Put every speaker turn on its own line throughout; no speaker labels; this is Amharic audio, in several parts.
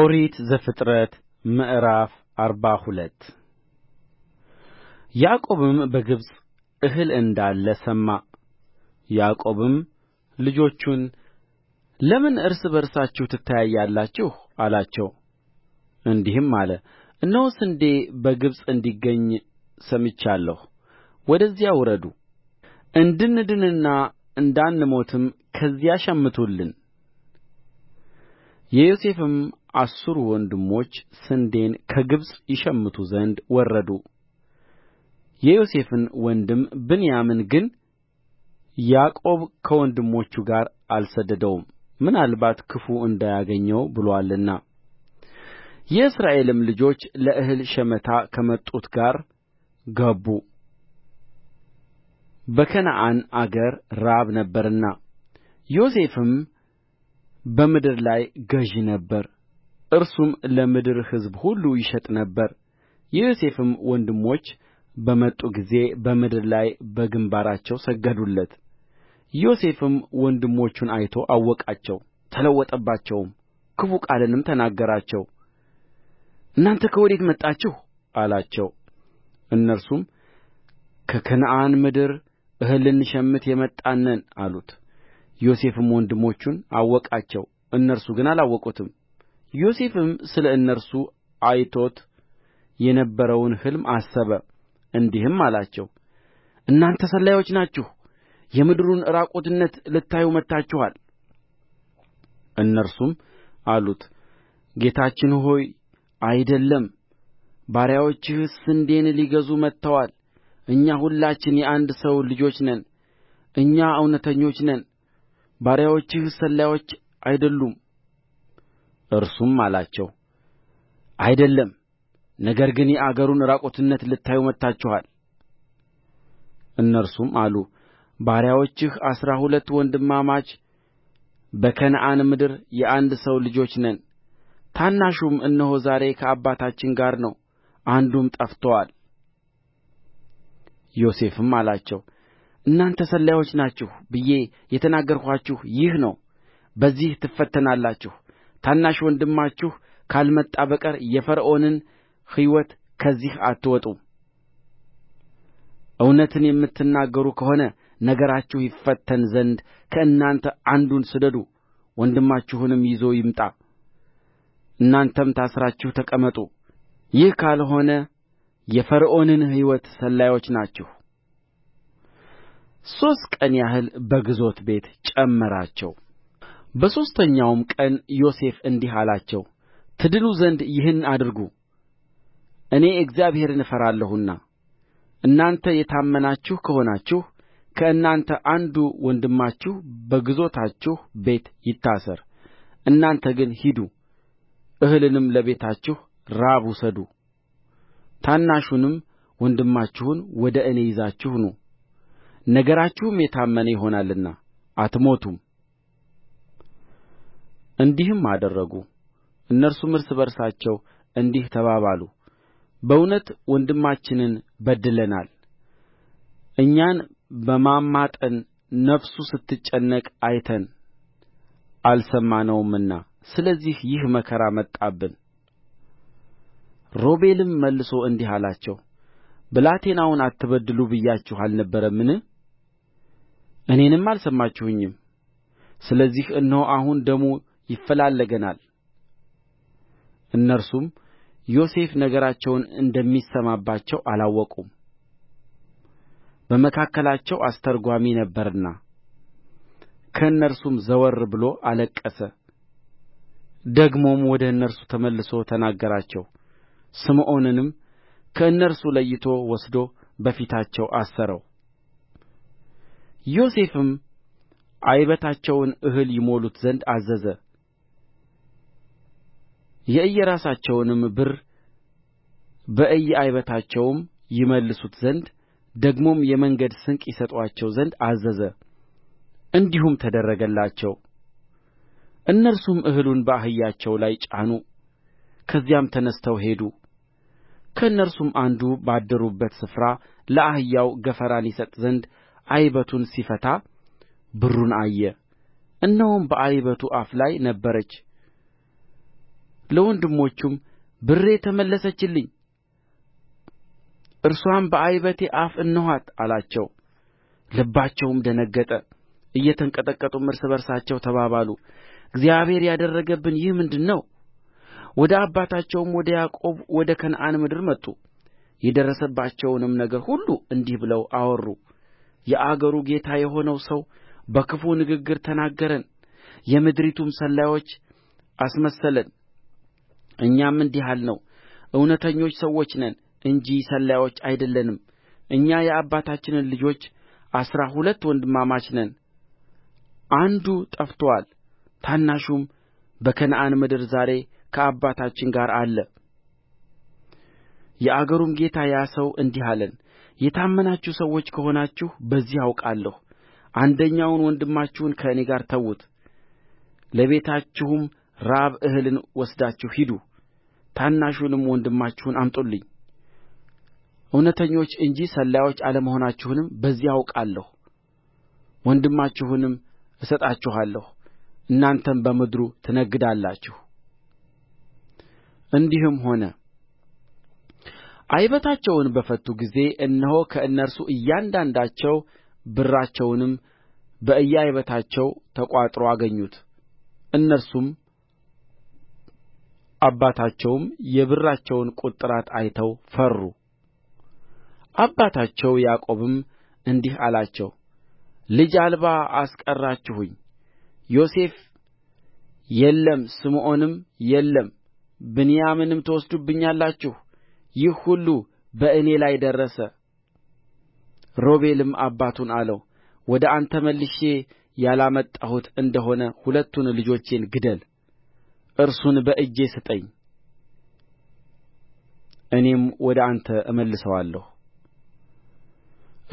ኦሪት ዘፍጥረት ምዕራፍ አርባ ሁለት ያዕቆብም በግብፅ እህል እንዳለ ሰማ ያዕቆብም ልጆቹን ለምን እርስ በርሳችሁ ትተያያላችሁ አላቸው እንዲህም አለ እነሆ ስንዴ በግብፅ እንዲገኝ ሰምቻለሁ ወደዚያ ውረዱ እንድንድንና እንዳንሞትም ከዚያ ሸምቱልን የዮሴፍም አሥሩ ወንድሞች ስንዴን ከግብፅ ይሸምቱ ዘንድ ወረዱ የዮሴፍን ወንድም ብንያምን ግን ያዕቆብ ከወንድሞቹ ጋር አልሰደደውም ምናልባት ክፉ እንዳያገኘው ብሎአልና የእስራኤልም ልጆች ለእህል ሸመታ ከመጡት ጋር ገቡ በከነዓን አገር ራብ ነበርና ዮሴፍም በምድር ላይ ገዥ ነበረ እርሱም ለምድር ሕዝብ ሁሉ ይሸጥ ነበር የዮሴፍም ወንድሞች በመጡ ጊዜ በምድር ላይ በግምባራቸው ሰገዱለት ዮሴፍም ወንድሞቹን አይቶ አወቃቸው ተለወጠባቸውም ክፉ ቃልንም ተናገራቸው እናንተ ከወዴት መጣችሁ አላቸው እነርሱም ከከነዓን ምድር እህል ልንሸምት የመጣን ነን አሉት ዮሴፍም ወንድሞቹን አወቃቸው እነርሱ ግን አላወቁትም ዮሴፍም ስለ እነርሱ አይቶት የነበረውን ሕልም አሰበ እንዲህም አላቸው እናንተ ሰላዮች ናችሁ የምድሩን ዕራቁትነት ልታዩ መጥታችኋል እነርሱም አሉት ጌታችን ሆይ አይደለም ባሪያዎችህ ስንዴን ሊገዙ መጥተዋል እኛ ሁላችን የአንድ ሰው ልጆች ነን እኛ እውነተኞች ነን ባሪያዎችህ ሰላዮች አይደሉም እርሱም አላቸው አይደለም ነገር ግን የአገሩን ዕራቁትነት ልታዩ መጥታችኋል እነርሱም አሉ ባሪያዎችህ አሥራ ሁለት ወንድማማች በከነዓን ምድር የአንድ ሰው ልጆች ነን ታናሹም እነሆ ዛሬ ከአባታችን ጋር ነው አንዱም ጠፍቶአል ዮሴፍም አላቸው እናንተ ሰላዮች ናችሁ ብዬ የተናገርኋችሁ ይህ ነው በዚህ ትፈተናላችሁ ታናሽ ወንድማችሁ ካልመጣ በቀር የፈርዖንን ሕይወት ከዚህ አትወጡም እውነትን የምትናገሩ ከሆነ ነገራችሁ ይፈተን ዘንድ ከእናንተ አንዱን ስደዱ ወንድማችሁንም ይዞ ይምጣ እናንተም ታስራችሁ ተቀመጡ ይህ ካልሆነ የፈርዖንን ሕይወት ሰላዮች ናችሁ ሦስት ቀን ያህል በግዞት ቤት ጨመራቸው በሦስተኛውም ቀን ዮሴፍ እንዲህ አላቸው ትድኑ ዘንድ ይህን አድርጉ እኔ እግዚአብሔርን እፈራለሁና እናንተ የታመናችሁ ከሆናችሁ ከእናንተ አንዱ ወንድማችሁ በግዞታችሁ ቤት ይታሰር እናንተ ግን ሂዱ እህልንም ለቤታችሁ ራብ ውሰዱ ታናሹንም ወንድማችሁን ወደ እኔ ይዛችሁ ኑ ነገራችሁም የታመነ ይሆናልና አትሞቱም እንዲህም አደረጉ እነርሱም እርስ በርሳቸው እንዲህ ተባባሉ በእውነት ወንድማችንን በድለናል እኛን በማማጠን ነፍሱ ስትጨነቅ አይተን አልሰማነውምና ስለዚህ ይህ መከራ መጣብን ሮቤልም መልሶ እንዲህ አላቸው ብላቴናውን አትበድሉ ብያችሁ አልነበረምን እኔንም አልሰማችሁኝም ስለዚህ እነሆ አሁን ደሙ ይፈላለገናል እነርሱም ዮሴፍ ነገራቸውን እንደሚሰማባቸው አላወቁም በመካከላቸው አስተርጓሚ ነበረና ከእነርሱም ዘወር ብሎ አለቀሰ ደግሞም ወደ እነርሱ ተመልሶ ተናገራቸው ስምዖንንም ከእነርሱ ለይቶ ወስዶ በፊታቸው አሰረው ዮሴፍም ዓይበታቸውን እህል ይሞሉት ዘንድ አዘዘ የእየራሳቸውንም ብር በእየዓይበታቸው ይመልሱት ዘንድ ደግሞም የመንገድ ስንቅ ይሰጡአቸው ዘንድ አዘዘ እንዲሁም ተደረገላቸው እነርሱም እህሉን በአህያቸው ላይ ጫኑ ከዚያም ተነሥተው ሄዱ ከእነርሱም አንዱ ባደሩበት ስፍራ ለአህያው ገፈራን ይሰጥ ዘንድ ዓይበቱን ሲፈታ ብሩን አየ እነሆም በዓይበቱ አፍ ላይ ነበረች ለወንድሞቹም ብሬ ተመለሰችልኝ እርስዋም በዓይበቴ አፍ እነኋት አላቸው ልባቸውም ደነገጠ እየተንቀጠቀጡም እርስ በርሳቸው ተባባሉ እግዚአብሔር ያደረገብን ይህ ምንድር ነው ወደ አባታቸውም ወደ ያዕቆብ ወደ ከነዓን ምድር መጡ የደረሰባቸውንም ነገር ሁሉ እንዲህ ብለው አወሩ የአገሩ ጌታ የሆነው ሰው በክፉ ንግግር ተናገረን የምድሪቱም ሰላዮች አስመሰለን እኛም እንዲህ አልነው እውነተኞች ሰዎች ነን እንጂ ሰላዮች አይደለንም እኛ የአባታችን ልጆች አሥራ ሁለት ወንድማማች ነን አንዱ ጠፍቶአል ታናሹም በከነዓን ምድር ዛሬ ከአባታችን ጋር አለ የአገሩም ጌታ ያ ሰው እንዲህ አለን የታመናችሁ ሰዎች ከሆናችሁ በዚህ አውቃለሁ አንደኛውን ወንድማችሁን ከእኔ ጋር ተዉት ለቤታችሁም ራብ እህልን ወስዳችሁ ሂዱ ታናሹንም ወንድማችሁን አምጡልኝ እውነተኞች እንጂ ሰላዮች አለመሆናችሁንም በዚህ አውቃለሁ ወንድማችሁንም እሰጣችኋለሁ እናንተም በምድሩ ትነግዳላችሁ እንዲህም ሆነ ዓይበታቸውን በፈቱ ጊዜ እነሆ ከእነርሱ እያንዳንዳቸው ብራቸውንም በእየዓይበታቸው ተቋጥሮ አገኙት እነርሱም አባታቸውም የብራቸውን ቍጥራት አይተው ፈሩ አባታቸው ያዕቆብም እንዲህ አላቸው ልጅ አልባ አስቀራችሁኝ ዮሴፍ የለም ስምዖንም የለም ብንያምንም ትወስዱብኛላችሁ ይህ ሁሉ በእኔ ላይ ደረሰ ሮቤልም አባቱን አለው ወደ አንተ መልሼ ያላመጣሁት እንደ ሆነ ሁለቱን ልጆቼን ግደል እርሱን በእጄ ስጠኝ እኔም ወደ አንተ እመልሰዋለሁ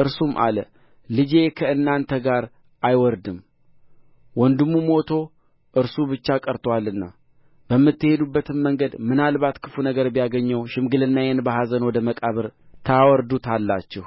እርሱም አለ ልጄ ከእናንተ ጋር አይወርድም ወንድሙ ሞቶ እርሱ ብቻ ቀርቶአልና በምትሄዱበትም መንገድ ምናልባት ክፉ ነገር ቢያገኘው ሽምግልናዬን በኀዘን ወደ መቃብር ታወርዱታላችሁ